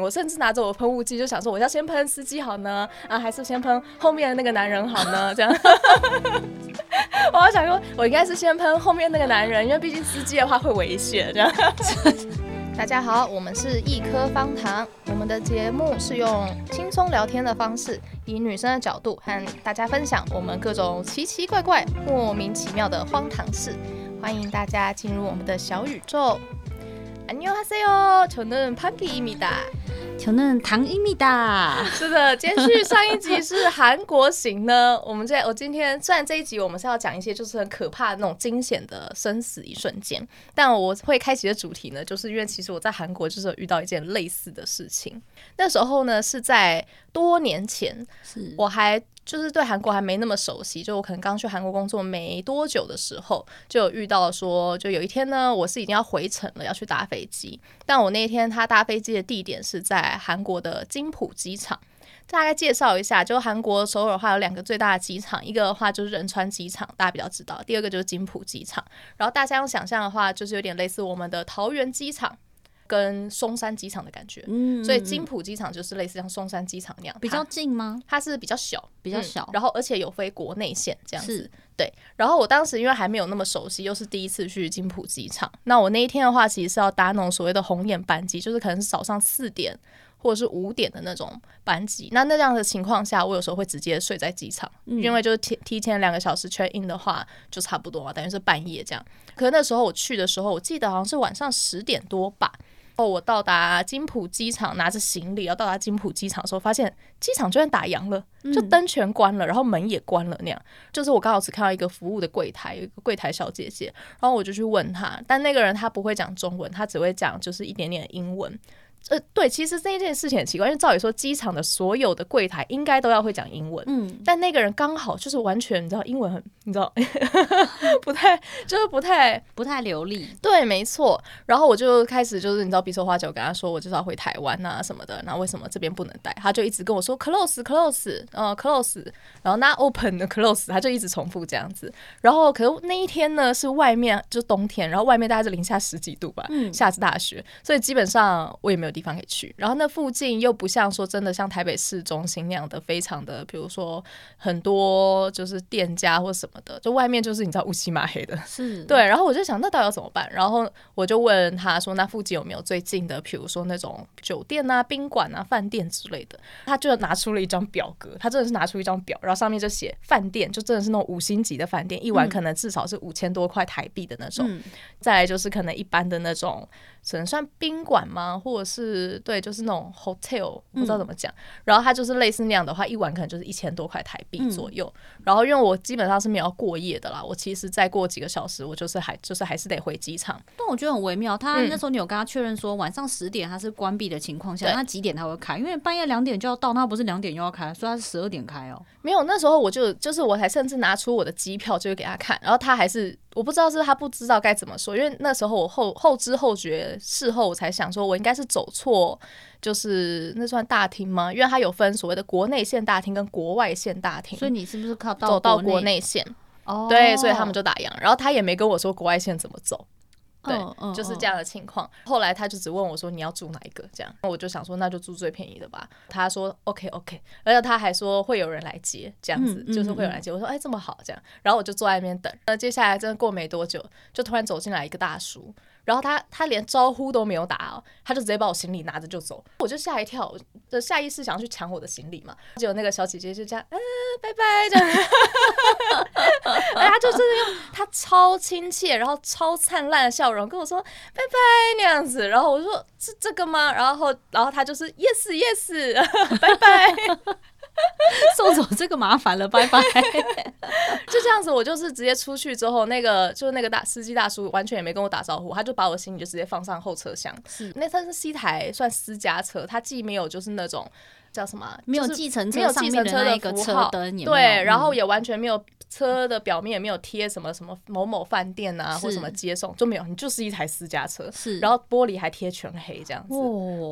我甚至拿着我噴霧劑就想說，我要先噴司機好呢，啊，還是先噴後面的那個男人好呢？這樣， 我好想說，我應該是先噴後面那個男人，因為畢竟司機的話會危險。這樣， 大家好，我們是一顆方糖，我們的節目是用輕鬆聊天的方式，以女生的角度和大家分享我們各種奇奇怪怪、莫名其妙的荒唐事，歡迎大家進入我們的小宇宙。안녕하세요，저는 Panky 입니다求嫩唐一蜜噠， 是的，接續上一集是韓國行呢。 我們在我今天雖然這一集我們是要講一些就是很可怕那種驚險的生死一瞬間，但我會開啟的主題呢，就是因為其實我在韓國就是遇到一件類似的事情。那時候呢是在多年前，是我還。就是對韓國還沒那麼熟悉，就我可能剛去韓國工作沒多久的時候，就有遇到說，就有一天呢，我是已經要回程了，要去搭飛機。但我那天他搭飛機的地點是在韓國的金浦機場。大概介紹一下，就韓國首爾的話有兩個最大的機場，一個的話就是仁川機場，大家比較知道；第二個就是金浦機場。然後大家用想象的話，就是有點類似我們的桃園機場。跟松山機場的感覺，嗯、所以金浦機場就是類似像松山機場那樣，比較近嗎？它，它是比較小，比較小，嗯，然後而且有飛國內線這樣子。是對，然後我當時因為還沒有那麼熟悉，又是第一次去金浦機場，那我那一天的話，其實是要搭那種所謂的紅眼班機，就是可能是早上四點或者是五點的那種班機。那那這樣的情況下，我有時候會直接睡在機場，嗯、因為就是提提前兩個小時確定的話，就差不多嘛，啊，等於是半夜這樣。可是那時候我去的時候，我記得好像是晚上十點多吧。哦，我到達金浦機場，拿着行李要到達金浦機場的時候，發現機場居然打烊了，就燈全關了，然後門也關了那樣。嗯，就是我剛好只看到一個服務的櫃檯，有一個櫃檯小姐姐，然後我就去問他，但那個人他不會講中文，他只會講就是一點點英文。呃，對，其實這件事情很奇怪，因為照理說機場的所有的櫃檯應該都要會講英文，嗯，但那個人剛好就是完全你知道英文很你知道 不太就是不太不太流利，對，沒錯。然後我就開始就是你知道比手劃腳跟他說我就是要回台灣吶、啊、什麼的，那為什麼這邊不能帶？他就一直跟我說 close, close close、呃、嗯，close，然後那 open 的 close，他就一直重複這樣子。然後可是那一天呢是外面就是冬天，然後外面大概是零下十幾度吧，嗯，下着大雪，所以基本上我也沒有地方也去，然後那附近又不像說真的像台北市中心那樣的非常的，比如說很多就是店家或什麼的，就外面就是你知道烏漆嘛黑的，是對。然後我就想那到底要怎麼辦？然後我就問他說：“那附近有沒有最近的，比如說那種酒店啊、賓館啊、飯店之類的？”他就拿出了一張表格，他真的是拿出一張表，然後上面就寫飯店，就真的是那種五星級的飯店，嗯、一晚可能至少是五千多塊台幣的那種。嗯、再來就是可能一般的那種。只能算賓館嗎？或者是對，就是那種 hotel，嗯、不知道怎麼講。然後它就是類似那樣的話，一晚可能就是一千多塊台幣左右。嗯、然後因為我基本上是沒有過夜的啦，我其實再過幾個小時，我就是還就是還是得回機場。但我覺得很微妙，他那時候你有跟他確認說晚上十點他是關閉的情況下，那、嗯、幾點他會開？因為半夜兩點就要到，那不是兩點又要開，所以他是十二點開哦？沒有，那時候我就就是我才甚至拿出我的機票就給他看，然後他還是。我不知道是，不是他不知道該怎麼說，因為那時候我後後知後覺，事後我才想說，我應該是走錯，就是那算大廳嗎？因為他有分所謂的國內線大廳跟國外線大廳，所以你是不是靠走到國內線？哦，oh. 對，所以他們就打烊，然後他也沒跟我說國外線怎麼走。對，oh, oh, oh. 就是這樣的情況。後來他就只問我說：“你要住哪一個？”這樣，那我就想說，那就住最便宜的吧。他說：“OK，OK。Okay, ” okay, 而且他還說會有人來接，這樣子、嗯、就是會有人來接。嗯、我說：“哎、欸，這麼好，這樣。”然後我就坐在那邊等。那接下來真的過沒多久，就突然走進來一個大叔。然後他他連招呼都沒有打哦，他就直接把我行李拿着就走，我就嚇一跳，就下意識想要去搶我的行李嘛。結果那個小姐姐就這樣，嗯、呃，拜拜！哈哈哈！然後、 哎、他就真的用他超親切、然後超燦爛的笑容跟我說拜拜那樣子，然後我就說，是這個嗎？然後然後他就是 yes yes，拜拜。 送走這個麻煩了，拜拜。 就這樣子，我就是直接出去之後，那個就是那個大司機大叔完全也沒跟我打招呼，他就把我行李就直接放上後車廂。是，那它是是一台算私家車，他既沒有就是那種叫什麼，沒有計程車，沒有計程車的一個車燈，車對，然後也完全沒有。車的表面也沒有貼什麼什麼某某飯店啊，是或什麼接送都沒有，你就是一台私家車。是然後玻璃還貼全黑這樣子。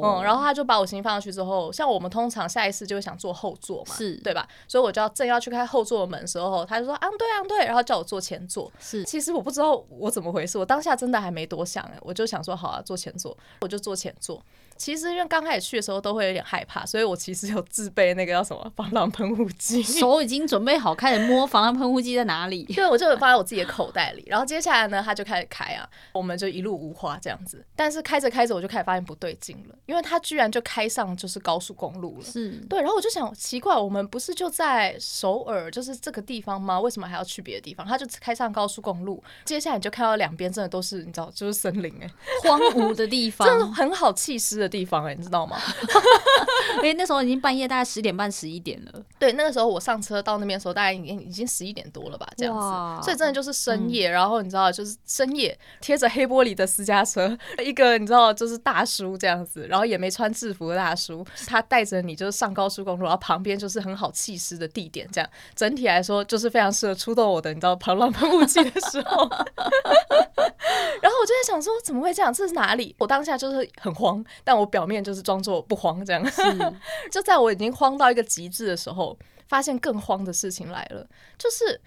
哦、嗯，然後他就把我行李放上去之後，像我們通常下意識就會想坐後座嘛，是對吧？所以我就要正要去開後座的門的時候，他就說啊對啊對，然後叫我坐前座。是其實我不知道我怎麼回事，我當下真的還沒多想誒，我就想說好啊，坐前座，我就坐前座。其實因為剛開始去的時候都會有點害怕，所以我其實有自備那個叫什麼防狼噴霧劑。手已經準備好，開始摸防狼噴霧劑在哪裡。 對，我就放在我自己的口袋裡。然後接下來呢，他就開始開啊，我們就一路無話這樣子。但是開着開着，我就開始發現不對勁了，因為他居然就開上就是高速公路了。是對，然後我就想奇怪，我們不是就在首爾，就是這個地方嗎？為什麼還要去別的地方？他就開上高速公路，接下來你就看到兩邊真的都是你知道，就是森林哎、欸，荒蕪的地方， 真的很好棄屍的地方。地方哎、欸，你知道嗎？因為、， 欸、那時候已經半夜，大概十點半、十一點了。對，那個時候我上車到那邊的時候，大概已經已經十一點多了吧，這樣子。哇所以真的就是深夜，嗯、然後你知道，就是深夜貼着黑玻璃的私家車，一個你知道就是大叔這樣子，然後也沒穿制服的大叔，他帶着你就是上高速公路，然後旁邊就是很好棄屍的地點，這樣。整體來說就是非常適合出動我的你知道防狼噴霧器的時候。 然後我就在想說，怎麼會這樣？這是哪裡？我當下就是很慌。但我表面就是裝作不慌，這樣。是 就在我已經慌到一個極致的時候，發現更慌的事情來了，就是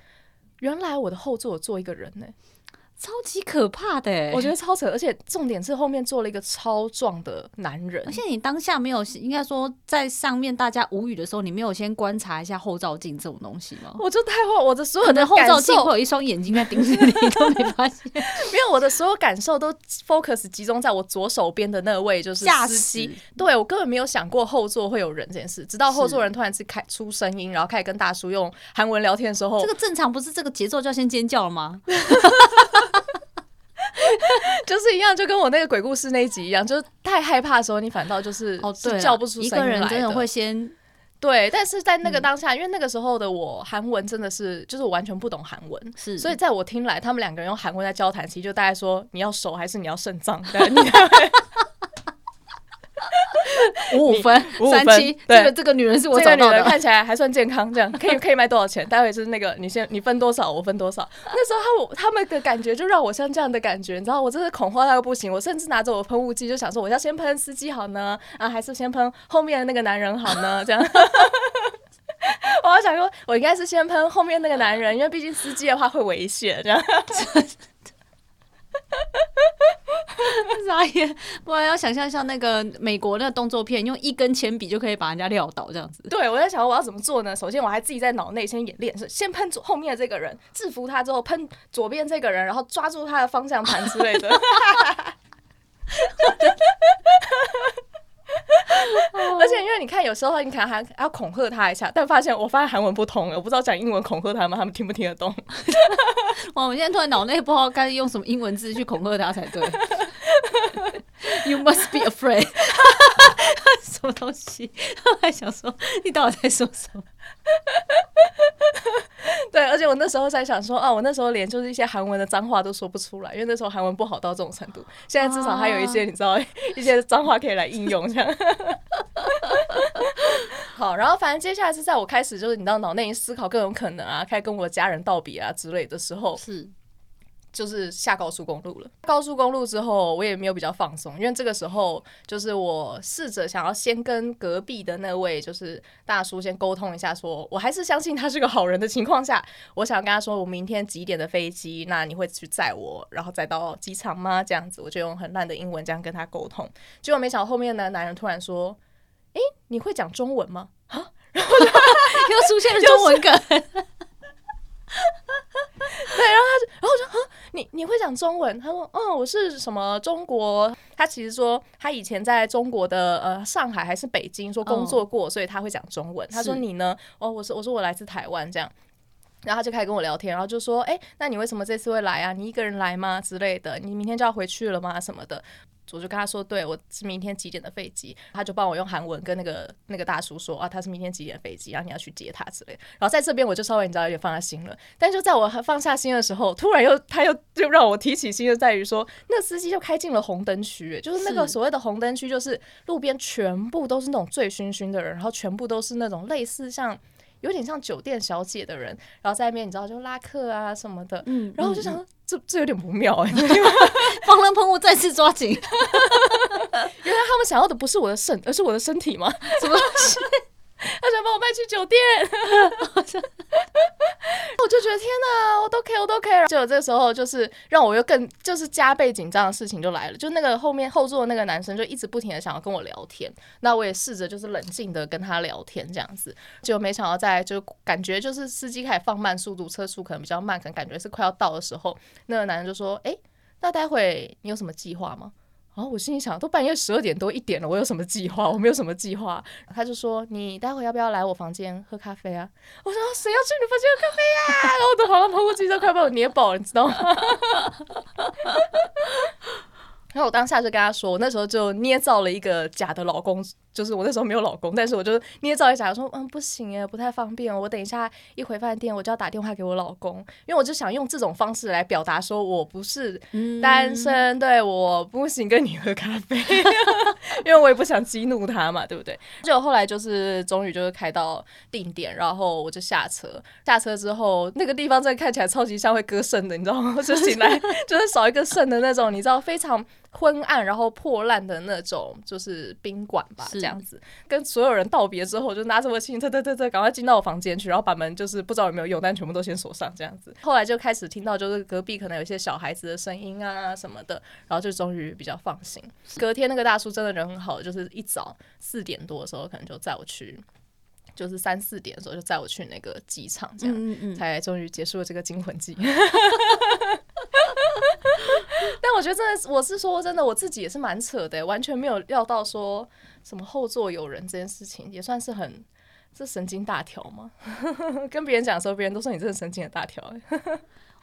原來我的後座有坐一個人呢、欸。超級可怕的、欸，我覺得超扯，而且重點是後面坐了一個超壯的男人。而且你當下沒有，應該說在上面大家無語的時候，你沒有先觀察一下後照鏡這種東西嗎？我就太慌，我的所有的後照鏡會有一雙眼睛在盯着你，都沒發現。 沒有，我的所有感受都 focus 集中在我左手邊的那位就是司機。死對，我根本沒有想過後座會有人這件事，直到後座人突然之開出聲音，是然後開始跟大叔用韓文聊天的時候，這個正常不是這個節奏就要先尖叫了嗎？ 就是一樣，就跟我那個鬼故事那一集一樣，就是太害怕的時候，你反倒就是就、哦、叫不出聲音來一個人真的會先對，但是在那個當下，嗯、因為那個時候的我韓文真的是就是我完全不懂韓文，是所以在我聽來，他們兩個人用韓文在交談，其實就大概說你要手還是你要腎臟的。 五五分，五五分三七。對這個這個女人是我這個女人，看起來還算健康，這樣可以可以賣多少錢？待會就是那個，你先你分多少，我分多少。那時候他他們的感覺就讓我像這樣的感覺，你知道，我真是恐慌到不行，我甚至拿着我噴霧劑就想說，我要先噴司機好呢，然後還是先噴後面的那個男人好呢？這樣， 我好想說，我應該是先噴後面那個男人，因為畢竟司機的話會危險。這樣。 哈哈哈哈哈！不然 要想象像，像那個美國那個動作片，用一根鉛筆就可以把人家撂倒這樣子。對，我在想我要怎麼做呢？首先，我還自己在腦內先演練，是先噴左後面的這個人，制服他之後，噴左邊這個人，然後抓住他的方向盤之類的。哈哈哈哈哈！而且，因為你看，有時候你可能還要恐嚇他一下，但發現我發現韓文不通，我不知道講英文恐嚇他們，他們聽不聽得懂？ 我們現在突然腦內不知道該用什麼英文字去恐嚇他才對。 You must be afraid， 什麼東西？他還想說你到底在說什麼？對，而且我那時候在想說，啊，我那時候連就是一些韓文的髒話都說不出來，因為那時候韓文不好到這種程度。現在至少還有一些，啊、你知道，一些髒話可以來應用這樣。 好，然後反正接下來是在我開始就是你知道腦內思考各種可能啊，開始跟我家人道別啊之類的時候。是。就是下高速公路了。高速公路之後，我也沒有比較放鬆，因為這個時候就是我試着想要先跟隔壁的那位就是大叔先溝通一下說，說我還是相信他是個好人的情況下，我想跟他說我明天幾點的飛機，那你會去載我，然後再到機場嗎？這樣子，我就用很爛的英文這樣跟他溝通。結果沒想到後面呢，男人突然說：“哎、欸，你會講中文嗎？”啊，然後就 又出現了中文梗。 對，然後他就，然後我說：‘啊，你你會講中文？他說，哦，我是什麼中國？他其實說，他以前在中國的呃上海還是北京，說工作過，哦、所以他會講中文。他說，你呢？是哦，我說，我說我來自台灣。這樣，然後他就開始跟我聊天，然後就說，誒，那你為什麼這次會來啊？你一個人來嗎？之類的，你明天就要回去了嗎？什麼的。我就跟他說，對，我是明天幾點的飛機，他就幫我用韓文跟那個那個大叔說啊，他是明天幾點的飛機，然後你要去接他之類的。然後在這邊我就稍微你知道有點放下心了，但就在我放下心的時候，突然又他又就讓我提起心，就在於說那司機就開進了紅燈區，就是那個所謂的紅燈區，就是路邊全部都是那種醉醺醺的人，然後全部都是那種類似像。有點像酒店小姐的人，然後在那邊你知道就拉客啊什麼的，嗯，然後我就想說這、嗯、這，這有點不妙哎、欸，防狼噴霧再次抓緊，原來 他們想要的不是我的腎，而是我的身體嗎？什麼東西？他想把我賣去酒店， 我就覺得天哪，我都可以，我都可以。就這時候，就是讓我又更就是加倍緊張的事情就來了。就那個後面後座的那個男生就一直不停的想要跟我聊天，那我也試着就是冷靜的跟他聊天這樣子。結果沒想到在就感覺就是司機開始放慢速度，車速可能比較慢，可能感覺是快要到的時候，那個男生就說：“哎，那待會你有什麼計劃嗎？”然後、哦、我心裡想，都半夜十二點多一點了，我有什麼計劃？我沒有什麼計劃。他就說：“你待會兒要不要來我房間喝咖啡啊？”我說：“誰要去你房間喝咖啡啊？” 然後我的好朋友跑過去，都快把我捏爆了，你知道嗎？ 然後我當下就跟他說，我那時候就捏造了一個假的老公，就是我那時候沒有老公，但是我就捏造一下說，嗯，不行誒，不太方便，我等一下一回飯店我就要打電話給我老公，因為我就想用這種方式來表達說我不是單身，嗯、對，我不行跟你喝咖啡， 因為我也不想激怒他嘛，對不對？ 就後來就是終於就是開到定點，然後我就下車，下車之後那個地方真的看起來超級像會割腎的，你知道嗎？就醒來就是少一個腎的那種， 你知道非常。昏暗，然後破爛的那種，就是賓館吧，是這樣子。跟所有人道別之後，就拿什麼行李，對對對對，趕快進到我房間去，然後把門就是不知道有沒有用，但全部都先鎖上，這樣子。後來就開始聽到，就是隔壁可能有一些小孩子的聲音啊什麼的，然後就終於比較放心。是隔天那個大叔真的人很好，就是一早四點多的時候，可能就載我去，就是三四點的時候就載我去那個機場，這樣，嗯嗯才終於結束了這個驚魂記。 但我覺得真的，我是說真的，我自己也是蠻扯的，完全沒有料到說什麼後座有人這件事情，也算是很這神經大條嘛。跟別人講的時候，別人都說你這是神經很大條。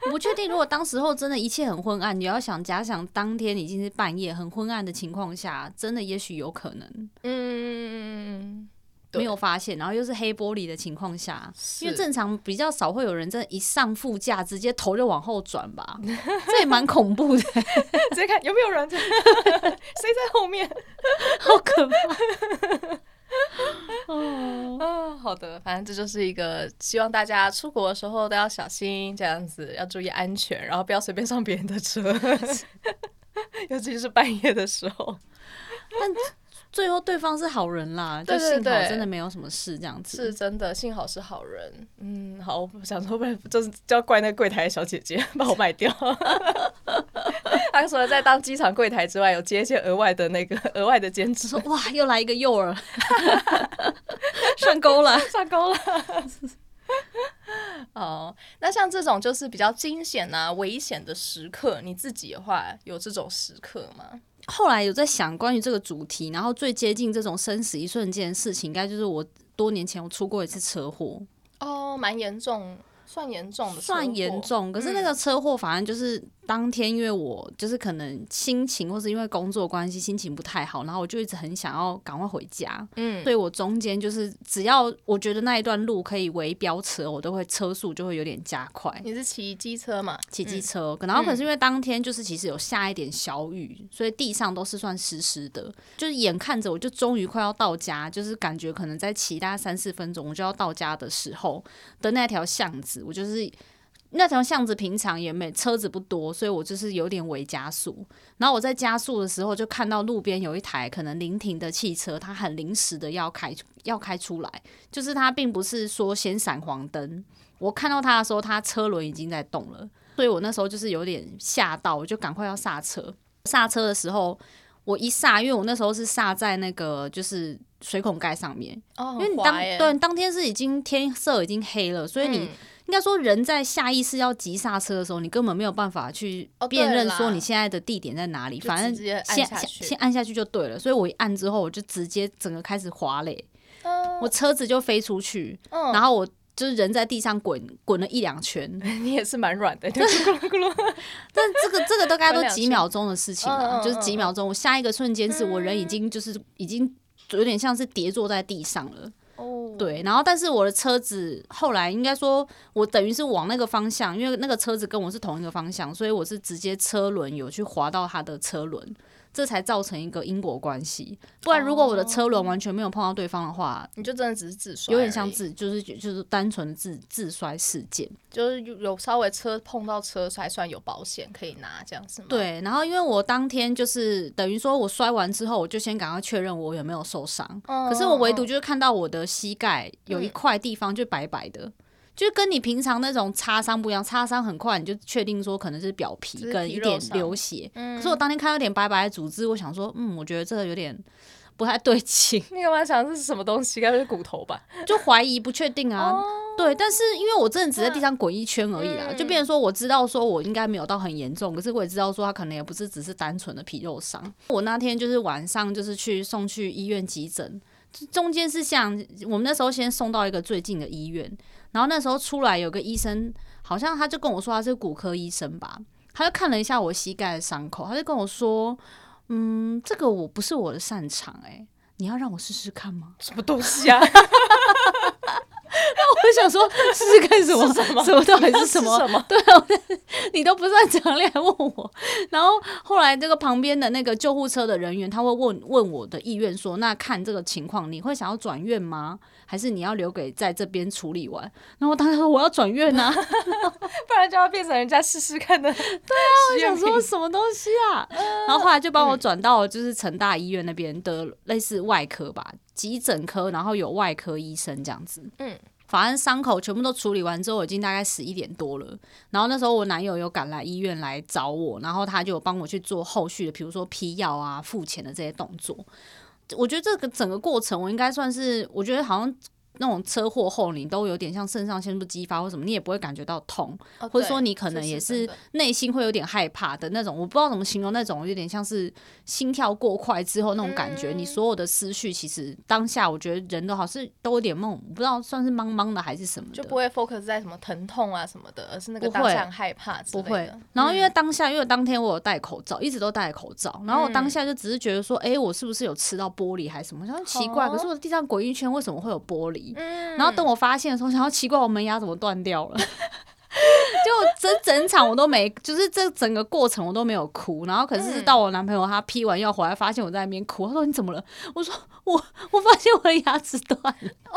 我不確定，如果當時候真的，一切很昏暗，你要想假想當天已經是半夜，很昏暗的情況下，真的也許有可能。嗯嗯嗯嗯嗯嗯。對沒有發現，然後又是黑玻璃的情況下，是因為正常比較少會有人真的一上副駕直接頭就往後轉吧，這也蠻恐怖的。 直接看有沒有人在，誰 在後面， 好可怕。 哦，哦，好的，反正這就是一個，希望大家出國的時候都要小心，這樣子要注意安全，然後不要隨便上別人的車， 尤其是半夜的時候。 最後對方是好人啦，對對對，就幸好真的沒有什麼事這樣子，是真的幸好是好人。嗯，好，我不想說，不然就是就要怪那櫃檯的小姐姐把我賣掉。 他說在當機場櫃檯之外，有接一些額外的那個額外的兼職。說哇，又來一個誘餌， 啦 上鈎功了，上鈎了。哦，那像這種就是比較驚險啊、危險的時刻，你自己的話有這種時刻嗎？後來有在想關於這個主題，然後最接近這種生死一瞬間的事情，應該就是我多年前我出過一次車禍。哦，蠻嚴重的。算嚴重的，算嚴重。可是那個車禍，反正就是當天，因為我就是可能心情，或是因為工作關係，心情不太好，然後我就一直很想要趕快回家。嗯，所以我中間就是只要我覺得那一段路可以圍飆車，我都會車速就會有點加快。你是騎機車嘛？騎機車。嗯，然後可是因為當天就是其實有下一點小雨，所以地上都是算濕濕的。就是眼看着我就終於快要到家，就是感覺可能在其他三四分鐘我就要到家的時候的那條巷子。我就是那條巷子平常也沒車子不多，所以我就是有點微加速。然後我在加速的時候，就看到路邊有一台可能臨停的汽車，它很臨時的要開要開出來，就是它並不是說先閃黃燈。我看到他的時候，他車輪已經在動了，所以我那時候就是有點嚇到，我就趕快要剎車。剎車的時候，我一剎，因為我那時候是剎在那個就是水孔蓋上面，哦，因為你當對你當天是已經天色已經黑了，所以你。嗯應該說，人在下意識要急剎車的時候，你根本沒有辦法去辨認說你現在的地點在哪裡。反正先先先按下去就對了。所以我一按之後，我就直接整個開始滑壘，我車子就飛出去，然後我就是人在地上滾滾了一兩圈。哦、你也是蠻軟的，就是咕嚕咕嚕。但這個這個都大概都幾秒鐘的事情了，就是幾秒鐘。我下一個瞬間是我人已經就是已經有點像是跌坐在地上了。對，然後但是我的車子後來應該說，我等於是往那個方向，因為那個車子跟我是同一個方向，所以我是直接車輪有去滑到他的車輪。這才造成一個因果關係，不然如果我的車輪完全沒有碰到對方的話，你就真的只是自摔，有點像自就是就是單純自自摔事件，就是有稍微車碰到車才算有保險可以拿這樣子嗎？對，然後因為我當天就是等於說我摔完之後，我就先趕快確認我有沒有受傷，嗯嗯嗯，可是我唯獨就是看到我的膝蓋有一塊地方就白白的。就跟你平常那種擦傷不一樣，擦傷很快你就確定說可能是表皮跟一點流血。是，可是我當天看到一點白白的組織，嗯、我想說，嗯，我覺得這個有點不太對勁。你有沒有想是什麼東西？應該是骨頭吧？就懷疑不確定啊。Oh, 對，但是因為我真的只在地上滾一圈而已啦，嗯、就變成說我知道說我應該沒有到很嚴重，可是我也知道說他可能也不是只是單純的皮肉傷。我那天就是晚上就是去送去醫院急診，中間是像我們那時候先送到一個最近的醫院。然後那時候出來有個醫生，好像他就跟我說他是骨科醫生吧，他就看了一下我膝蓋的傷口，他就跟我說：“嗯，這個我不是我的擅長、欸，哎，你要讓我試試看嗎？”什麼東西啊！哈哈哈哈哈！我就想說試試看什麼什麼，什麼到底是什麼？對啊，你都不算強烈來問我。然後後來這個旁邊的那個救護車的人員他會問問我的意願，說：“那看這個情況，你會想要轉院嗎？”還是你要留給在這邊處理完，然後我當時說我要轉院吶、啊， 不然就要變成人家試試看的。對啊，我想說什麼東西啊？ 然後後來就幫我轉到就是成大醫院那邊的類似外科吧，急診科，然後有外科醫生這樣子。嗯，反正傷口全部都處理完之後，已經大概十一點多了。然後那時候我男友有趕來醫院來找我，然後他就幫我去做後續的，比如說批藥啊、付錢的這些動作。我覺得這個整個過程，我應該算是，我覺得好像。那種車禍後，你都有點像腎上腺素激發或什麼，你也不會感覺到痛，哦、對或者說你可能也是內心會有點害怕的那種。嗯、我不知道怎麼形容那種，有點像是心跳過快之後那種感覺。嗯、你所有的思緒其實當下，我覺得人都好像都有點懵，不知道算是懵懵的還是什麼，就不會 focus 在什麼疼痛啊什麼的，而是那個當下害怕之類的，不會不會。然後因為當下，因為當天我有戴口罩，一直都戴口罩，嗯、然後我當下就只是覺得說，哎、欸，我是不是有吃到玻璃還是什麼？就奇怪，哦、可是我的地上滾一圈，為什麼會有玻璃？嗯，然後等我發現的時候，我想說奇怪，我門牙怎麼斷掉了？ 就整整場我都沒，就是這整個過程我都沒有哭。然後可是到我男朋友他批完藥回來，發現我在那邊哭，嗯、他說你怎麼了？我說我我發現我的牙齒斷了，哦、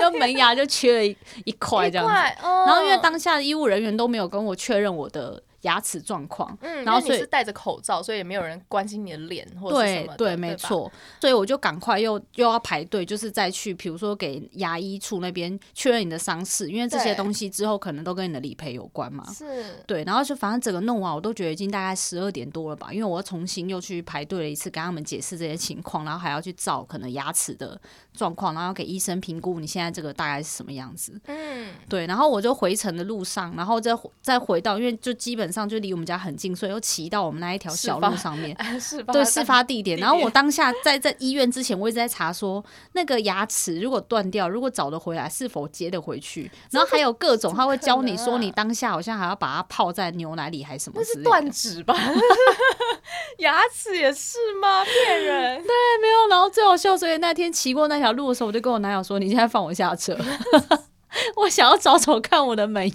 就門牙就缺了一一塊這樣子。一塊哦、然後因為當下的醫務人員都沒有跟我確認我的。牙齒狀況，嗯、然後所以你是戴着口罩，所以也沒有人關心你的臉或是什麼？對。對對吧，沒錯。所以我就趕快又又要排隊，就是再去，比如說給牙醫處那邊確認你的傷勢，因為這些東西之後可能都跟你的理賠有關嘛。是對。對，然後就反正整個弄完，我都覺得已經大概十二點多了吧，因為我要重新又去排隊了一次，跟他們解釋這些情況，然後還要去照可能牙齒的狀況，然後給醫生評估你現在這個大概是什麼樣子。嗯。對，然後我就回程的路上，然後再回再回到，因為就基本。上就離我們家很近，所以又騎到我們那一條小路上面。十八 對，事發地點，然後我當下在在醫院之前，我一直在查說那個牙齒如果斷掉，如果找得回來是否接得回去，然後還有各種他會教你說，你當下好像還要把它泡在牛奶裡還是什麼？不是斷指吧？ 牙齒也是嗎？騙人！ 對，沒有。然後最好笑，所以那天騎過那條路的時候，我就跟我男友說：“你現在放我下車， 我想要找找看我的門牙。”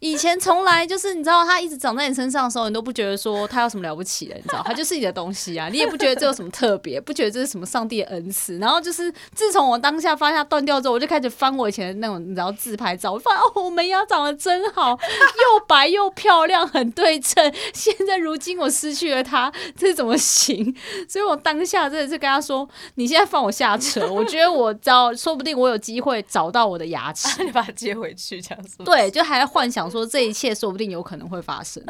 以前從來就是，你知道，它一直長在你身上的時候，你都不覺得說它有什麼了不起的。你知道，它就是你的東西啊，你也不覺得這有什麼特別，不覺得這是什麼上帝的恩賜。然後就是，自從我當下發現它斷掉之後，我就開始翻我以前的那種你知道自拍照，我發現哦，我門牙長得真好，又白又漂亮，很對稱。現在如今我失去了它，這怎麼行？所以我當下真的是跟他說：“你現在放我下車，我覺得我找，說不定我有機會找到我的牙齒，你把它接回去。”這樣說對，就還幻想。說這一切說不定有可能會發生，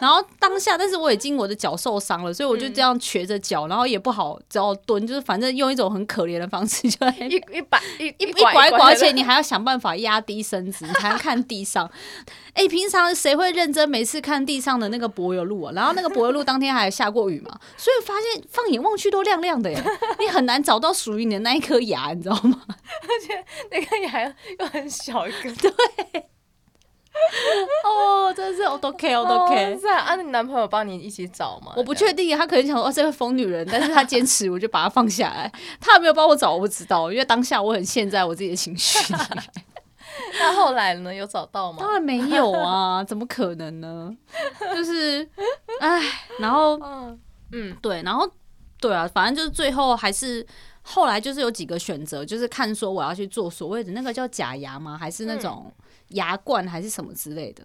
然後當下，但是我已經我的腳受傷了，所以我就這樣瘸着腳，然後也不好只要蹲，就是反正用一種很可憐的方式，就一一百一一一拐一拐一，而且你還要想辦法壓低身子，還要看地上。哎，平常誰會認真每次看地上的那個柏油路啊？然後那個柏油路當天還還下過雨嘛，所以發現放眼望去都亮亮的耶，你很難找到屬於你的那一顆牙，你知道嗎？而且那個牙又又很小一個，對。哦， oh, 真是，都 OK，都 OK。是啊，讓你男朋友幫你一起找嘛？我不確定，他可能想說哦，這個瘋女人，但是他堅持，我就把她放下來。 他有沒有幫我找，我不知道，因為當下我很陷在我自己的情緒那 後來呢？有找到嗎？當然沒有啊，怎麼可能呢？就是，哎，然後，嗯，對，然後，對啊，反正就是最後還是後來就是有幾個選擇，就是看說我要去做所謂的那個叫假牙嗎？還是那種。嗯牙冠還是什麼之類的，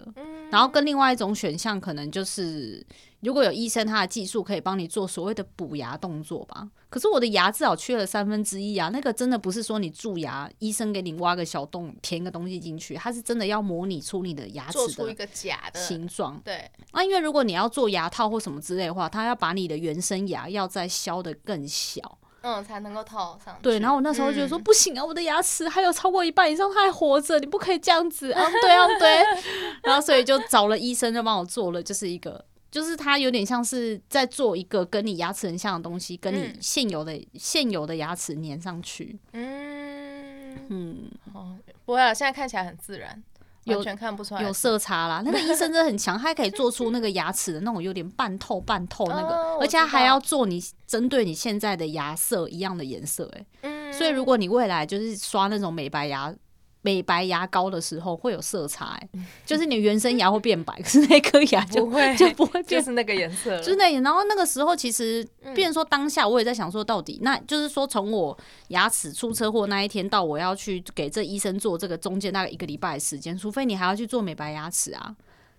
然後跟另外一種選項可能就是，如果有醫生他的技術可以幫你做所謂的補牙動作吧。可是我的牙至少缺了三分之一啊，那個真的不是說你蛀牙，醫生給你挖個小洞填個東西進去，他是真的要模擬出你的牙齒的一個假的形狀。對，那因為如果你要做牙套或什麼之類的話，他要把你的原生牙要再削得更小。嗯，才能夠套上去。對，然後我那時候就說、嗯、不行啊，我的牙齒還有超過一半以上，它還活着，你不可以這樣子。嗯，對啊，對。嗯、對 然後所以就找了醫生，就幫我做了，就是一個，就是它有點像是在做一個跟你牙齒很像的東西，跟你現有的、嗯、現有的牙齒粘上去。嗯嗯，哦、嗯，不會啊，現在看起來很自然。有有色差啦。那個醫生真的很強，他可以做出那個牙齒的那種有點半透半透那個，而且還要做你針對你現在的牙色一樣的顏色，誒。所以如果你未來就是刷那種美白牙。美白牙膏的時候會有色彩，欸，就是你原生牙會變白， 可是那顆牙就不，會就不會，就不會，就是那個顏色，就那的。然後那個時候其實，變說當下，我也在想說，到底、嗯、那就是說，從我牙齒出車禍那一天到我要去給這醫生做這個，中間大概一個禮拜的時間，除非你還要去做美白牙齒啊，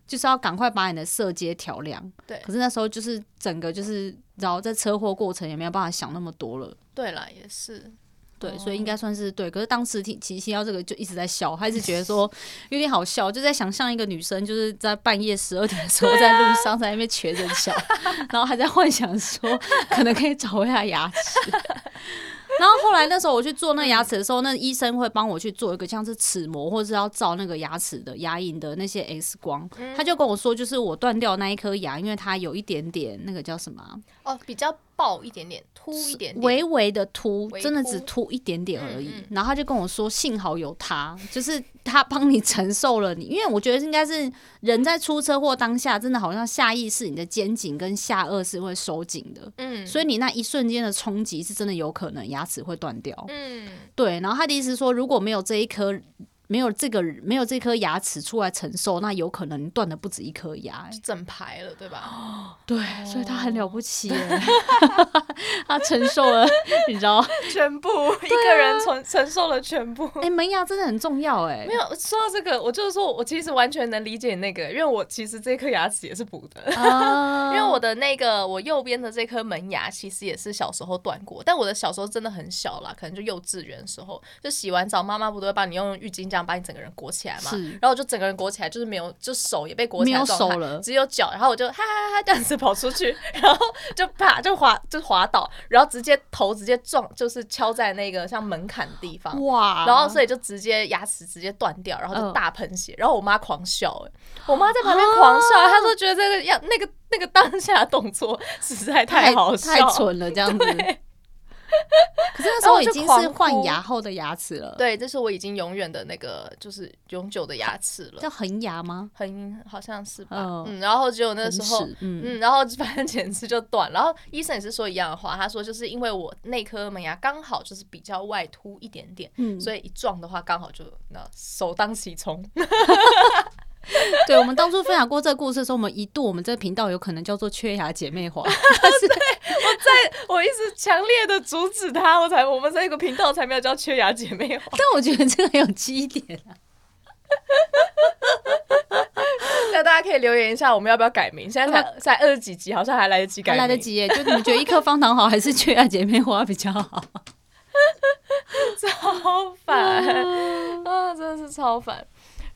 就是要趕快把你的色階調亮。對，可是那時候就是整個就是，然後在車禍過程也沒有辦法想那麼多了。對了，也是。對，所以應該算是對。可是當時提提齊要這個，就一直在笑，還是覺得說有點好笑，就在想象一個女生就是在半夜十二點的時候在路上在那邊瘸着笑，啊、然後還在幻想說可能可以找回她牙齒。 然後後來那時候我去做那牙齒的時候，那醫生會幫我去做一個像是齒模，或者是要照那個牙齒的牙印的那些 X 光。他就跟我說，就是我斷掉那一顆牙，因為它有一點點那個叫什麼？哦，比較爆一點點，凸一點點，微微的凸，凸真的只凸一點點而已。嗯嗯然後他就跟我說，幸好有他，就是他幫你承受了你。因為我覺得應該是人在出車禍當下，真的好像下意識你的肩頸跟下顎是會收緊的，嗯，所以你那一瞬間的衝擊是真的有可能牙。只會斷掉，嗯，對。然後他的意思是說，如果沒有這一顆。沒有這個，沒有這顆牙齒出來承受，那有可能斷的不止一顆牙、欸，整排了，對吧？哦、對，所以他很了不起，對 他承受了，你知道全部、啊、一個人承承受了全部。哎、欸，門牙真的很重要、欸，哎，沒有說到這個，我就是說我其實完全能理解那個，因為我其實這顆牙齒也是補的，啊、 因為我的那個我右邊的這顆門牙其實也是小時候斷過，但我的小時候真的很小啦，可能就幼稚園的時候，就洗完澡，媽媽不都會幫你用浴巾夾樣把你整個人裹起來嘛，是然後我就整個人裹起來，就是沒有，就手也被裹起來，沒有手了，只有腳。然後我就哈哈哈這樣子跑出去， 然後就啪，就滑就滑倒，然後直接頭直接撞，就是敲在那個像門檻的地方，哇！然後所以就直接牙齒直接斷掉，然後就大噴血，呃、然後我媽狂笑，我媽在旁邊狂笑，啊、她說覺得這個樣，那個那個當下動作實在太好笑，太，太蠢了，這樣子。可是那時候已經是換牙後的牙齒了，對，這是我已經永遠的那個，就是永久的牙齒了，叫恆牙嗎？恆好像是吧，哦、嗯，然後只有那時候，嗯，嗯，然後反正前次就斷，然後醫生也是說一樣的話，他說就是因為我那顆門牙剛好就是比較外凸一點點，嗯，所以一撞的話剛好就那首當其衝。 對，我們當初分享過這個故事的時候，我們一度我們這個頻道有可能叫做“缺牙姐妹花”。哦， 對，我在我一直強烈的阻止他，我才我們這有個頻道才沒有叫“缺牙姐妹花”。但我覺得這個很有基點那、啊、 大家可以留言一下，我們要不要改名？現在才才他二十幾集，好像還來得及改名。還來得及耶！就你們覺得一顆方糖好，還是“缺牙姐妹花”比較好？ 超煩、啊、真的是超煩。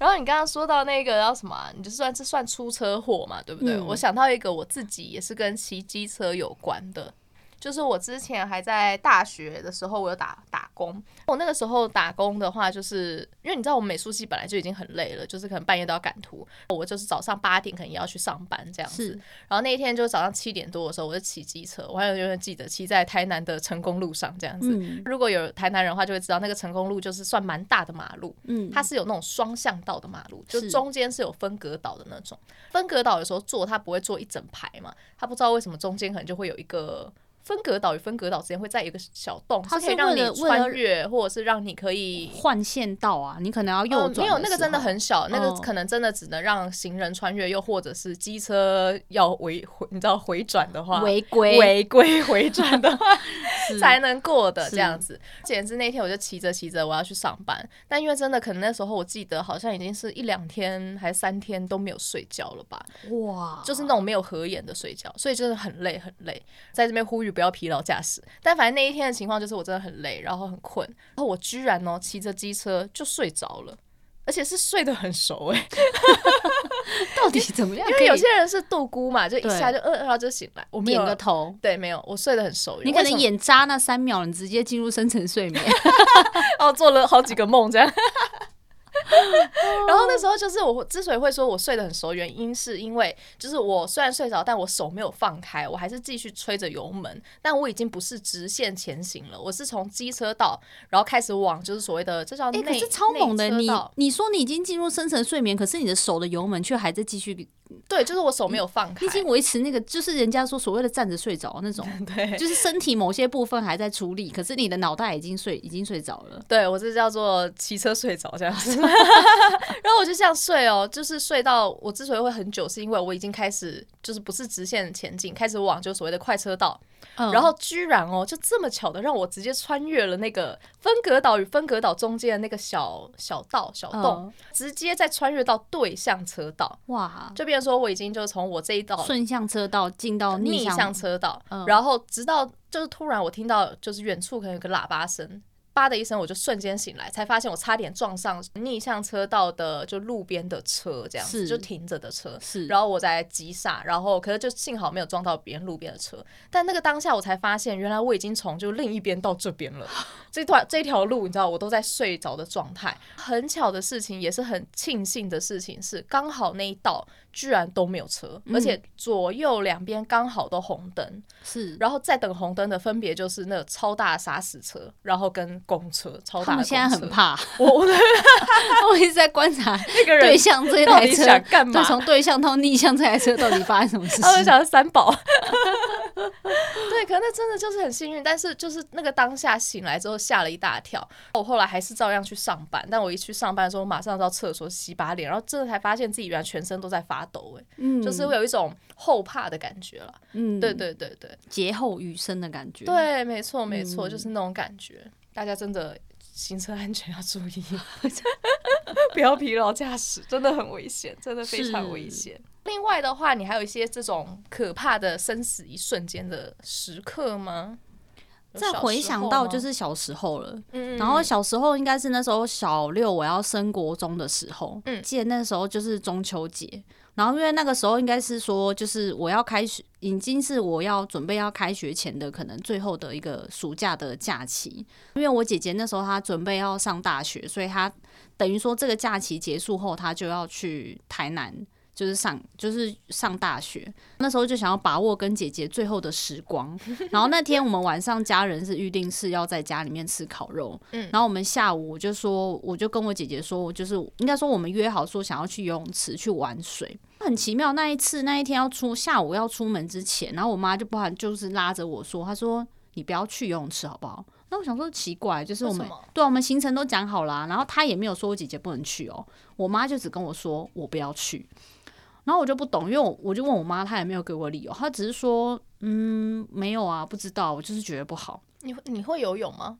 然後你剛剛說到那個叫什麼啊？你就是算是算出車禍嘛，對不對？嗯。我想到一個我自己也是跟騎機車有關的。就是我之前還在大學的時候，我有打打工。我那個時候打工的話，就是因為你知道，我們美術系本來就已經很累了，就是可能半夜都要趕圖。我就是早上八點可能也要去上班這樣子。是然後那一天就是早上七點多的時候，我就騎機車，我還永遠記得騎在台南的成功路上這樣子。嗯、如果有台南人的話，就會知道那個成功路就是算蠻大的馬路，嗯，它是有那種雙向道的馬路，就中間是有分隔島的那種。是分隔島有時候坐它不會坐一整排嘛，它不知道為什麼中間可能就會有一個。分隔島與分隔島之間會再有一個小洞，它可以讓你穿越，或者是讓你可以換線道啊。你可能要右轉、嗯，沒有那個真的很小，那個可能真的只能讓行人穿越，哦、又或者是機車要回，你知道回轉的話，違規違規回轉的話 是才能過的這樣子。簡直那天我就騎着騎着，我要去上班，但因為真的可能那時候我記得好像已經是一兩天還是三天都沒有睡覺了吧？哇，就是那種沒有合眼的睡覺，所以真的很累很累，在這邊呼籲。不要疲勞駕駛，但反正那一天的情況就是我真的很累，然後很困，然後我居然哦騎着機車就睡着了，而且是睡得很熟哎、欸， 到底怎麼樣？因為有些人是度孤嘛，就一下就餓餓到就醒來，我們點個頭。對，沒有，我睡得很熟，你可能眼眨那三秒，你直接進入深層睡眠，然後、 哦、做了好幾個夢這樣。 然後那時候就是我之所以會說我睡得很熟，原因是因為就是我雖然睡着，但我手沒有放開，我還是繼續催着油門，但我已經不是直線前行了，我是從機車道，然後開始往就是所謂的這叫內，欸、可是超猛的你，你說你已經進入深層睡眠，可是你的手的油門卻還在繼續。對，就是我手沒有放開，畢竟維持那個，就是人家說所謂的站着睡着那種，對，就是身體某些部分還在處理。可是你的腦袋已經睡，已經睡着了。對，我這叫做騎車睡着這樣子， 然後我就這樣睡哦，就是睡到我之所以會很久，是因為我已經開始就是不是直線前進，開始往就所謂的快車道，嗯、然後居然哦，就這麼巧的讓我直接穿越了那個分隔島與分隔島中間的那個小小道小洞，嗯、直接再穿越到對向車道，哇，就變。說我已經就從我這一道順向車道進到逆向車道，然後直到就是突然我聽到就是遠處可能有個喇叭聲。叭的一聲，我就瞬間醒來，才發現我差點撞上逆向車道的就路邊的，是的車，這樣子就停着的車。是。然後我在急剎，然後可是就幸好沒有撞到別人路邊的車。但那個當下，我才發現原來我已經從就另一邊到這邊了。這段這條路，你知道，我都在睡着的狀態。很巧的事情，也是很慶幸的事情，是剛好那一道居然都沒有車，嗯、而且左右兩邊剛好都紅燈。是。然後在等紅燈的分別就是那個超大沙石車，然後跟公車超大車，我現在很怕我。我 一直在觀察對象這台車想幹嘛？從對、對象到逆向這台車到底發生什麼事？啊，我想三寶。 對，可能那真的就是很幸運，但是就是那個當下醒來之後嚇了一大跳。後，我後來還是照樣去上班，但我一去上班的時候，我馬上到廁所洗把臉，然後這才發現自己原來全身都在發抖、欸。哎、嗯，就是會有一種後怕的感覺了。嗯，對對對對，劫後餘生的感覺。對，沒錯沒錯，就是那種感覺。大家真的行車安全要注意， 不要疲勞駕駛，真的很危險，真的非常危險。是另外的話，你還有一些這種可怕的生死一瞬間的時刻嗎？再回想到就是小時候了，嗯、嗯，然後小時候應該是那時候小六我要升國中的時候，嗯，記得那時候就是中秋節。然後因為那個時候應該是說，就是我要開學，已經是我要準備要開學前的可能最後的一個暑假的假期。因為我姐姐那時候她準備要上大學，所以她等於說這個假期結束後，她就要去台南。就是上就是上大學，那時候就想要把握跟姐姐最後的時光。然後那天我們晚上家人是預定是要在家裡面吃烤肉，嗯，然後我們下午我就說，我就跟我姐姐說，我就是應該說我們約好說想要去游泳池去玩水。很奇妙，那一次那一天要出下午要出門之前，然後我媽就不然就是拉着我說，她說你不要去游泳池好不好？那我想說奇怪，就是我們對我們行程都講好了啊，然後她也沒有說我姐姐不能去哦，我媽就只跟我說我不要去。然後我就不懂，因為我我就問我媽，她也沒有給我理由，她只是說，嗯，沒有啊，不知道，我就是覺得不好。你你會游泳嗎？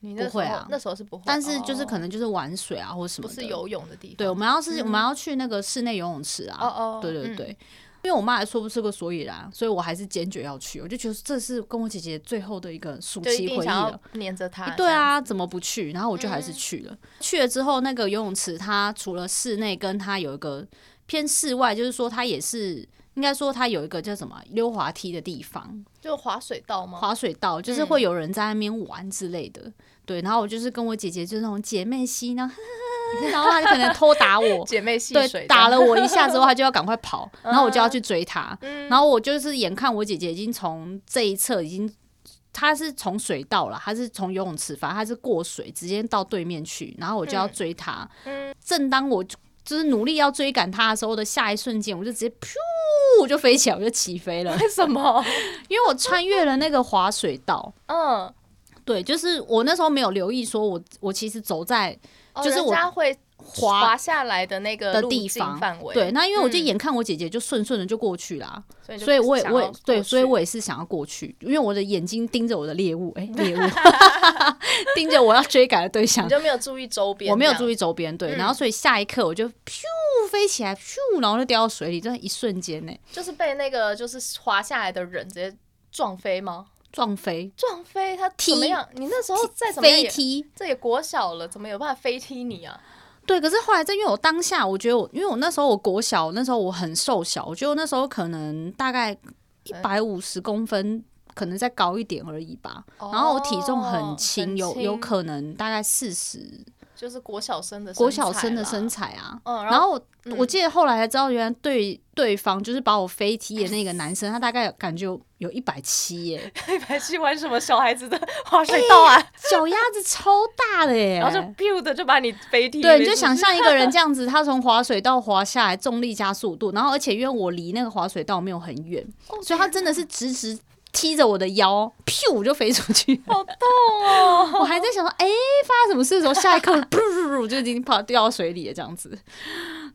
你不會啊，那時候是不會。但是就是可能就是玩水啊或者什麼。不是游泳的地方。對，我們要是，嗯、我們要去那個室內游泳池啊。哦哦。對對對。嗯、因為我媽還說不出個所以然，所以我還是堅決要去。我就覺得這是跟我姐姐最後的一個暑期回憶了。黏着她。對啊，怎麼不去？然後我就還是去了。嗯、去了之後，那個游泳池它除了室內，跟它有一個。偏室外，就是說它也是，應該說它有一個叫什麼溜滑梯的地方，就滑水道嗎？滑水道就是會有人在那邊玩之類的。嗯、對，然後我就是跟我姐姐就那種姐妹戲呢呵呵，然後她就可能偷打我，姐 妹戲細對，樣打了我一下之後，她就要趕快跑， 然後我就要去追她。然後我就是眼看我姐姐已經從這一側已經，她是從水道了，她是從游泳池，反正她是過水直接到對面去，然後我就要追她。嗯、正當我。就是努力要追趕他的時候的下一瞬間，我就直接噗就飛起來，我就起飛了。為什麼？ 因為我穿越了那個滑水道。嗯，對，就是我那時候沒有留意，說我我其實走在就是我、哦，人家會。滑下來的那個的地方範圍，對，那因為我就眼看我姐姐就順順的就過去啦，嗯、所以我也我也對，所以我也是想要過去，因為我的眼睛盯着我的獵物，哎、欸，獵物 盯着我要追趕的對象，你就沒有注意周邊。我沒有注意周邊，對，嗯、然後所以下一刻我就咻飛起來，咻，然後就掉到水裡，真的，一瞬間呢。欸，就是被那個就是滑下來的人直接撞飛嗎？撞飛，撞飛，他踢，你那時候再怎麼踢，飛踢？這也國小了，怎麼有辦法飛踢你啊？對，可是後來，在因為我當下，我覺得我，因為我那時候，我國小那時候我很瘦小，我覺得我那時候可能大概一百五十公分，欸、可能再高一點而已吧。哦、然後我體重很輕，很輕，有有可能大概四十。就是國小生的國小生的身材啊，嗯、然後我記得後來才知道，原來對對方就是把我飛踢的那個男生，他大概感覺有一 百七耶， 一百七玩什麼小孩子的滑水道啊，腳、欸、 丫子超大的耶，然後就 biu 的就把你飛踢，對，你就想像一個人這樣子，他從滑水道滑下來，重力加速度，然後而且因為我離那個滑水道沒有很遠，Okay. 所以他真的是直直。踢着我的腰，屁，我就飛出去，好痛哦！我還在想說，哎、欸，發生什麼事的時候，下一刻噗就已經跑掉到水裡了，這樣子，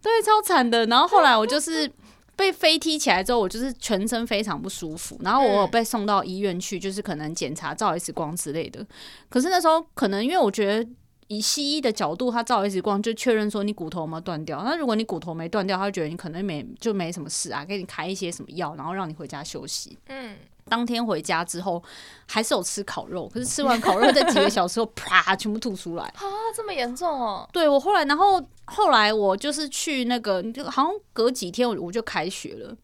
對，超慘的。然後後來我就是被飛踢起來之後，我就是全身非常不舒服。然後我有被送到醫院去，就是可能檢查照次光照 X 光之類的。嗯、可是那時候可能因為我覺得以西醫的角度，他照 X 光就確認說你骨頭有沒有斷掉。那如果你骨頭沒斷掉，他就覺得你可能沒就沒什麼事啊，給你開一些什麼藥，然後讓你回家休息。嗯。當天回家之後，還是有吃烤肉，可是吃完烤肉在幾個小時後，啪， 全部吐出來啊，這麼嚴重哦？對，我後來，然後後來我就是去那個，就好像隔幾天我我就開學了，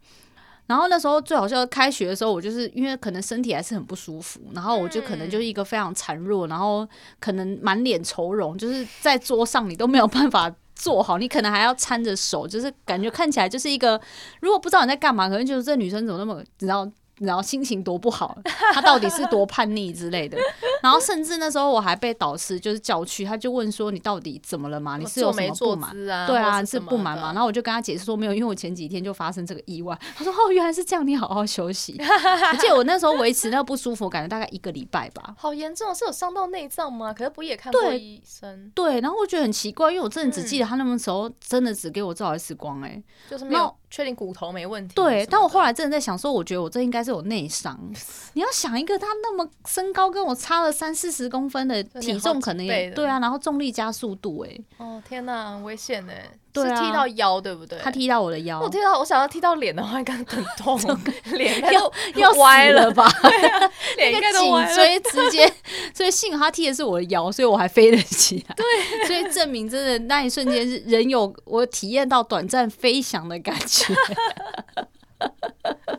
然後那時候最好笑，開學的時候我就是因為可能身體還是很不舒服，然後我就可能就是一個非常孱弱，然後可能滿臉愁容，就是在桌上你都沒有辦法坐好，你可能還要攙着手，就是感覺看起來就是一個，如果不知道你在幹嘛，可能就是這女生怎麼那麼，你知道？然後心情多不好，他到底是多叛逆之類的。 然後甚至那時候我還被導師就是叫去，他就問說：“你到底怎麼了嘛？你是有什麼不滿、啊、對啊，是，是不滿嘛？然後我就跟他解釋說：“沒有，因為我前幾天就發生這個意外。”他說：“哦，原來是這樣，你好好休息。” 而且我那時候維持那個不舒服，我感覺大概一個禮拜吧。好嚴重，是有傷到內臟嗎？可是不也看過醫生對？對，然後我覺得很奇怪，因為我真的只記得他那個時候真的只給我照一次光、欸，誒、嗯，就是沒有。確定骨頭沒問題。對，但我後來真的在想說，我覺得我這應該是有內傷。 你要想一個他那麼身高跟我差了三四十公分的體重，可能也對啊。然後重力加速度，欸，誒、哦，哦天哪，啊，危險誒。對啊，是踢到腰對不對？他踢到我的腰。我踢到我想要踢到臉的話，應該很痛。臉要要歪了吧？那個頸椎直接。所以幸好他踢的是我的腰，所以我還飛得起來。對，所以證明真的那一瞬間人有我體驗到短暫飛翔的感覺。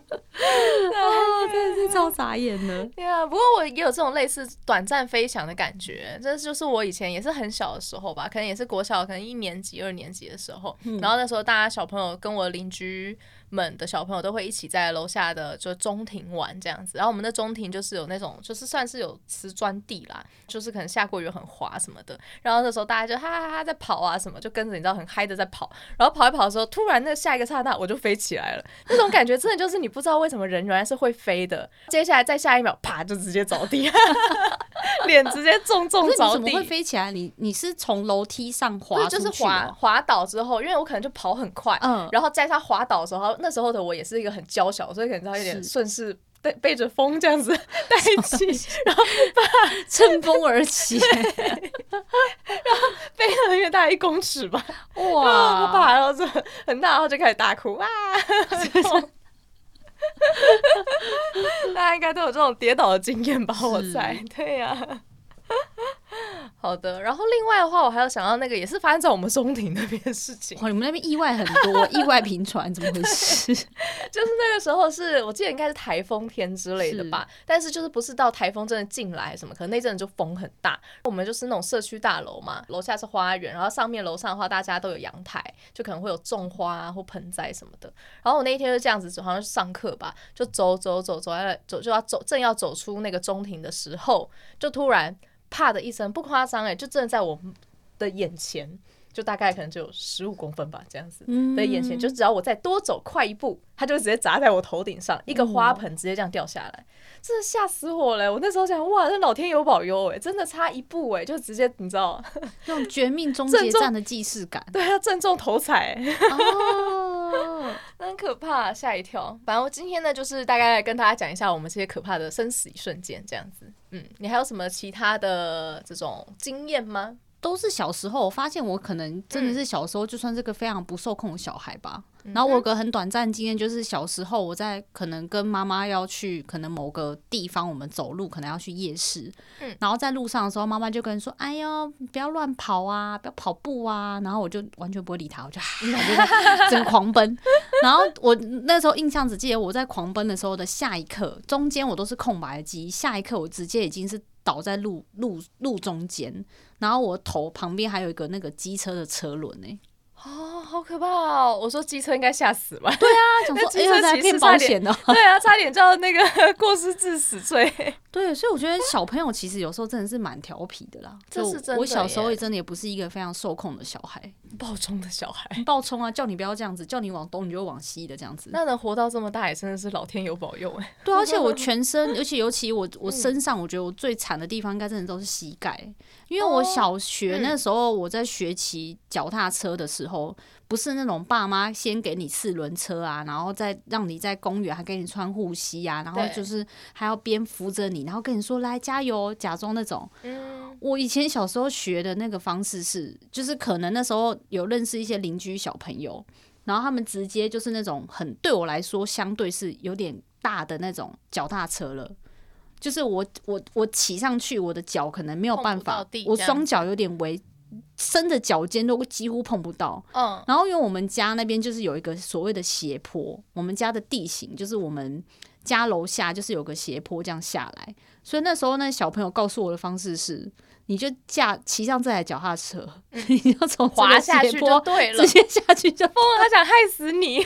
哦，真的是照傻眼呢。對啊，不過我也有這種類似短暫飛翔的感覺。這就是我以前也是很小的時候吧，可能也是國小，可能一年級、二年級的時候。嗯、然後那時候大家小朋友跟我鄰居們的小朋友都會一起在樓下的就中庭玩這樣子，然後我們的中庭就是有那種就是算是有瓷磚地啦，就是可能下過雨很滑什麼的。然後那時候大家就哈哈哈哈在跑啊什麼，就跟着你知道很嗨的在跑。然後跑一跑的時候，突然那下一個剎那我就飛起來了，那種感覺真的就是你不知道為什麼人原來是會飛的。 接下來再下一秒啪就直接着地， 臉直接重重着地。怎麼會飛起來？你你是從樓梯上滑，就是滑滑倒之後，因為我可能就跑很快，嗯，然後在他滑倒的時候。那時候的我也是一個很嬌小，所以可能他有點順勢背背着風這樣子帶起，是然後把趁風而起， 然後飛了約大概一公尺吧。哇！我爸然後很很大，然後就開始大哭哇，哈哈哈。大家應該都有這種跌倒的經驗吧？是我猜對呀、啊。好的，然後另外的話，我還要想到那個也是發生在我們中庭那邊的事情。哇、哦，你們那邊意外很多， 意外頻傳，怎麼回事？就是那個時候是我記得應該是台風天之類的吧，是，但是就是不是到台風真的進來什麼，可能那陣子就風很大。我們就是那種社區大樓嘛，樓下是花園，然後上面樓上的話，大家都有陽台，就可能會有種花啊或盆栽什麼的。然後我那一天就這樣子，好像是上課吧，就走走走走來走就要走，正要走出那個中庭的時候，就突然。啪的一聲，不誇張哎，就正在我的眼前，就大概可能只有十五公分吧，這樣子。所以、嗯、眼前就只要我再多走快一步，它就直接砸在我頭頂上，一個花盆直接這樣掉下來，嗯、真的嚇死我了、欸！我那時候想，哇，那老天有保佑哎、欸，真的差一步哎、欸，就直接你知道，用絕命終結站的既視感， 對，啊，正中頭彩、欸。哦， 很可怕，嚇一跳。反正我今天呢，就是大概跟大家講一下我們這些可怕的生死一瞬間這樣子。嗯，你還有什麼其他的這種經驗嗎？都是小時候，我發現我可能真的是小時候，就算是個非常不受控的小孩吧。然後我有個很短暫經驗就是小時候我在可能跟媽媽要去可能某個地方，我們走路可能要去夜市，然後在路上的時候，媽媽就跟說：“哎呦，不要亂跑啊，不要跑步啊。”然後我就完全不會理他，我就哈哈狂奔。然後我那時候印象只記得我在狂奔的時候的下一刻，中間我都是空白的記憶，下一刻我直接已經是。倒在路路路中間，然後我頭旁邊還有一個那個機車的車輪誒、欸，哦，好可怕哦！我說機車應該嚇死吧？對啊， 說那機車其實差點，欸喔、對啊，差點叫那個過失致死罪、欸。對，所以我覺得小朋友其實有時候真的是蠻調皮的啦。就是真的，我小時候也真的也不是一個非常受控的小孩，暴衝的小孩，暴衝啊！叫你不要這樣子，叫你往東，你就往西的這樣子。那能活到這麼大，也真的是老天有保佑哎、欸。對、啊，而且我全身，而且 尤，尤其我我身上，我覺得我最慘的地方，應該真的都是膝蓋，因為我小學那時候我在學騎腳踏車的時候。不是那種爸媽先給你四輪車啊，然後再讓你在公園還給你穿護膝啊，然後就是還要邊扶着你，然後跟你說來加油，假裝那種。嗯，我以前小時候學的那個方式是，就是可能那時候有認識一些鄰居小朋友，然後他們直接就是那種很對我來說相對是有點大的那種腳踏車了，就是我我我騎上去，我的腳可能沒有辦法，我雙腳有點圍。伸的腳尖都幾乎碰不到，嗯，然後因為我們家那邊就是有一個所謂的斜坡，我們家的地形就是我們家樓下就是有個斜坡這樣下來，所以那時候那小朋友告訴我的方式是，你就駕騎上這台腳踏車，嗯、 你要從滑坡下去就對了，直接下去就瘋他，想害死你，哎、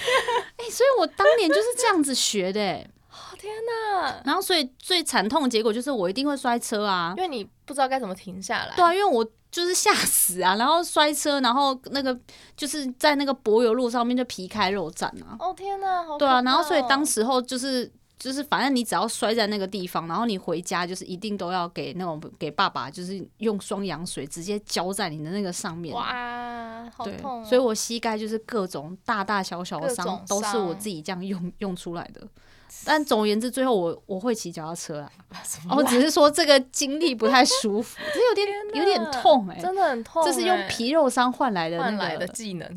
欸，所以我當年就是這樣子學的、欸，哦，天哪，然後所以最慘痛的結果就是我一定會摔車啊，因為你不知道該怎麼停下來，對啊，因為我。就是嚇死啊！然後摔車，然後那個就是在那個柏油路上面就皮開肉綻啊！哦天哪，好可怕哦、對啊！然後所以當時候就是就是反正你只要摔在那個地方，然後你回家就是一定都要給那種給爸爸就是用雙氧水直接澆在你的那個上面。哇，好痛、哦對！所以我膝蓋就是各種大大小小的傷，都是我自己這樣用用出來的。但總而言之，最後我我會騎腳踏車啊，我只是說這個經歷不太舒服， 有點哪有點痛哎、欸，真的很痛、欸，這是用皮肉傷換來的換、那個、來的技能。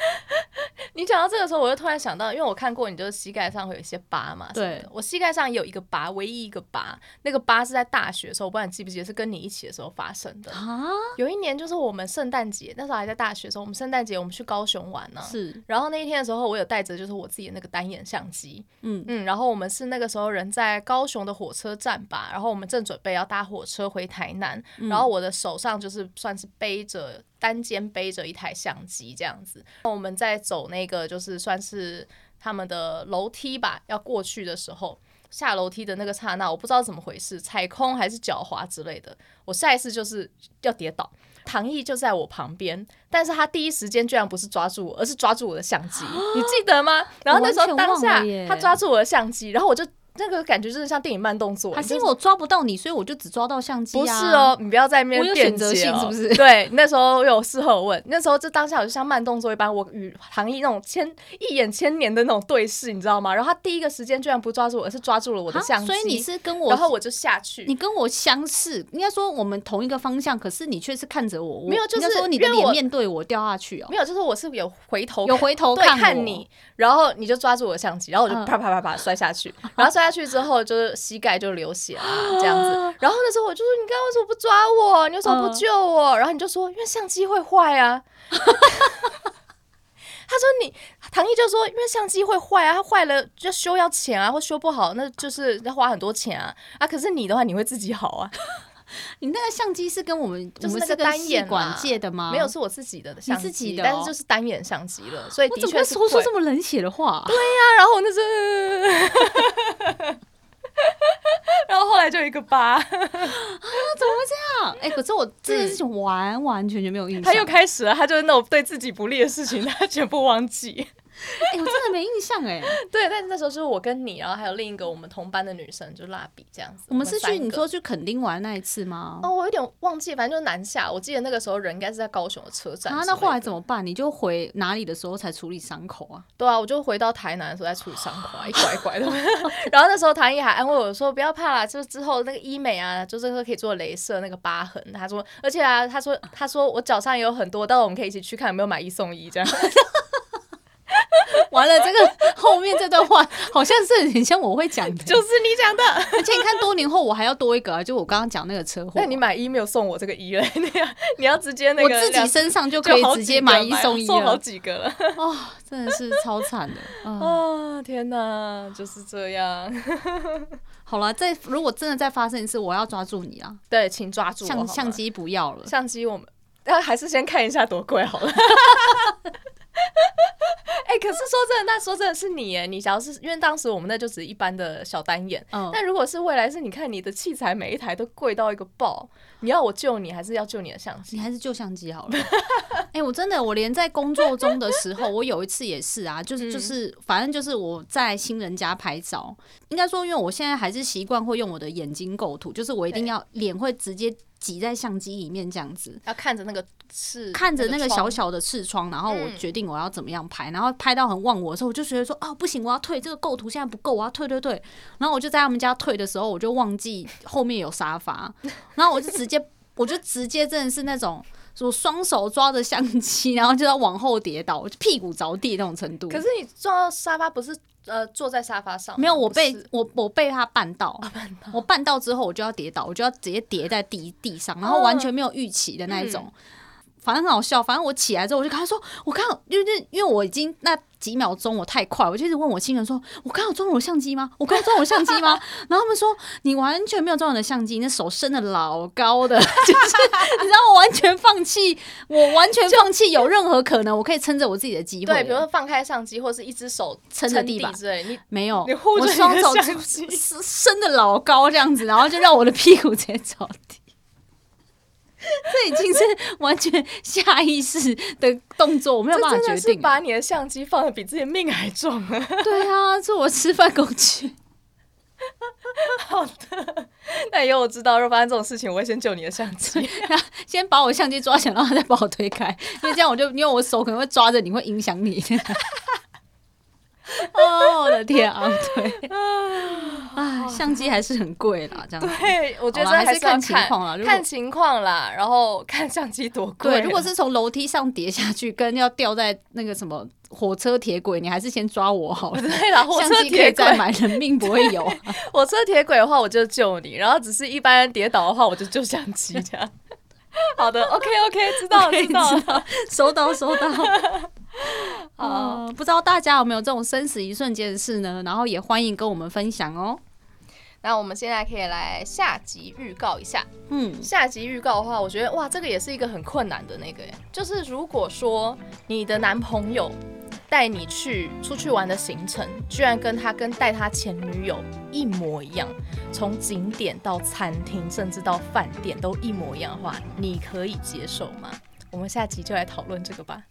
你講到這個時候，我就突然想到，因為我看過你就是膝蓋上會有一些疤嘛。對，我膝蓋上也有一個疤，唯一一個疤，那個疤是在大學的時候，我不管你記不記得是跟你一起的時候發生的。蛤有一年就是我們聖誕節，那時候還在大學的時候，我們聖誕節我們去高雄玩呢、啊。是，然後那一天的時候，我有帶着就是我自己的那個單眼相機。嗯嗯，然後我們是那個時候人在高雄的火車站吧，然後我們正準備要搭火車回台南，嗯、然後我的手上就是算是背着。單肩背着一台相機這樣子，我們在走那個就是算是他們的樓梯吧，要過去的時候下樓梯的那個剎那，我不知道怎麼回事，踩空還是腳滑之類的，我下一次就是要跌倒，唐逸就在我旁邊，但是他第一時間居然不是抓住我，而是抓住我的相機，蛤你記得嗎？然後那時候當下他抓住我的相機，然後我就。那個感覺就是像電影慢動作，還是因為我抓不到你，所以我就只抓到相機、啊？不是哦，你不要在那邊、喔、有選擇性，是不是？對，那時候有事後問，那時候就當下我就像慢動作一般，我與唐逸那種千一眼千年的那種對視，你知道嗎？然後他第一個時間居然不抓住我，而是抓住了我的相機。所以你是跟我，然後我就下去，你跟我相似，應該說我們同一個方向，可是你卻是看着我，我沒有，就是說你的臉面對我掉下去哦、喔。沒有，就是說我是不是有回頭有回頭看，看你，然後你就抓住我的相機，然後我就啪啪啪啪，啪摔下去，啊、然後摔，下去之後就是膝蓋就流血啊。這樣子。然後那時候我就說：“你剛剛為什麼不抓我？你為什麼不救我？”然後你就說：“因為相機會壞啊。” 他說：“你唐逸就說，因為相機會壞啊，它壞了要修要錢啊，或修不好那就是要花很多錢啊啊！可是你的話，你會自己好啊？你那個相機是跟我們，我們是那個單眼管借的嗎？沒有，是我自己的相機，但是就是單眼相機了。所以的確說出這麼冷血的話？對呀、啊，然後我那時候。” 然後後來就一個疤 啊、怎麼會這樣？哎、欸，可是我這件事情完完全全沒有印象。他又開始了，他就是那種對自己不利的事情，他全部忘記。 哎、欸，我真的沒印象哎。 對，但是那時候就是我跟你，然後還有另一個我們同班的女生，就蠟筆這樣子。我們是去你說去墾丁玩那一次嗎？哦，我有點忘記，反正就是南下。我記得那個時候人應該是在高雄的車站的。啊，那後來怎麼辦？你就回哪裡的時候才處理傷口啊？ 對啊，我就回到台南的時候才處理傷口，啊。一拐一拐的。 然後那時候唐逸還安慰我說：“不要怕啦，就是之後那個醫美啊，就是說可以做鐳射那個疤痕，他說，而且啊，他說他說我腳上也有很多，到時候我們可以一起去看有沒有買一送一這樣。” 完了，這個後面這段話好像是很像我會講的，就是你講的。而且你看，多年後我還要多一個、啊，就我剛剛講那個車禍、啊。那你買一沒有送我這個一了，你要你要直接那個，我自己身上就可以直接買一送一，送好幾個了。哦，真的是超慘的。嗯、啊天哪，就是這樣。好了，再如果真的再發生一次，我要抓住你啊！對，請抓住我相。相相機不要了，相機我們，那還是先看一下多貴好了。 哎、 欸，可是說真的，那說真的是你哎，你想要是因為當時我們那就只一般的小單眼。那、uh, 如果是未來，是你看你的器材每一台都貴到一個爆，你要我救你，還是要救你的相機？你還是救相機好了。哎、欸，我真的，我連在工作中的時候， 我有一次也是啊，就是就是，反正就是我在新人家拍照，應該說，因為我現在還是習慣會用我的眼睛構圖，就是我一定要臉會直接擠在相機裡面這樣子，要看着那個刺，看着那個小小的刺窗，嗯，然後我決定我要怎麼樣拍，然後拍到很忘我的時候，我就覺得說啊不行，我要退，這個構圖現在不夠，我要退退退。然後我就在他們家退的時候，我就忘記後面有沙發， 然後我就直接我就直接真的是那種我雙手抓着相機，然後就要往後跌倒，屁股着地那種程度。可是你坐到沙發不是？呃，坐在沙發上沒有，我被不是我我被他絆倒，啊，絆倒我絆倒之後我就要跌倒，我就要直接跌在地地上，然後完全沒有預期的那一種。啊嗯反正很好笑，反正我起來之後，我就跟他說：“我剛……因為因為因為我已經那幾秒鐘，我太快，我就一直問我親人說：‘我剛有裝我的相機嗎？我剛裝我的相機嗎？’ 然後他們說：‘你完全沒有裝你的相機，你手伸的老高的， 就是你知道我完全放棄，我完全放棄有任何可能，就我可以撐着我自己的機會。’對，比如說放開相機，或是一隻手撐着地，地板。對，你沒有，你你我雙手是伸的老高這樣子，然後就讓我的屁股直接着地。”這已經是完全下意識的動作，我沒有辦法決定。真的是把你的相機放的比自己命還重啊！對啊，做我吃飯工具。好的，那以後我知道，若發生這種事情，我會先救你的相機，先把我相機抓起來，然後再把我推開，因為這樣我就因為我手可能會抓着你，會影響你。哦，我的天啊！對，啊，相機還是很貴啦。這樣。對，我覺得還是看情況啦，看情況啦，然後看相機多貴。對，如果是從樓梯上跌下去，跟要掉在那個什麼火車鐵軌，你還是先抓我好了。對，然後相機可以再買，人命不會有。火車鐵軌 的話，我就救你；然後只是一般跌倒的話，我就救相機這樣。 好的，OK OK，知道了 okay, 知道了知道，收到收到。啊， uh, 不知道大家有沒有這種生死一瞬間的事呢？然後也歡迎跟我們分享哦。那我們現在可以來下集預告一下。嗯，下集預告的話，我覺得哇，這個也是一個很困難的那個耶。就是如果說你的男朋友。帶你去出去玩的行程，居然跟他跟帶他前女友一模一樣，從景點到餐廳，甚至到飯店都一模一樣的話，你可以接受嗎？我們下集就來討論這個吧。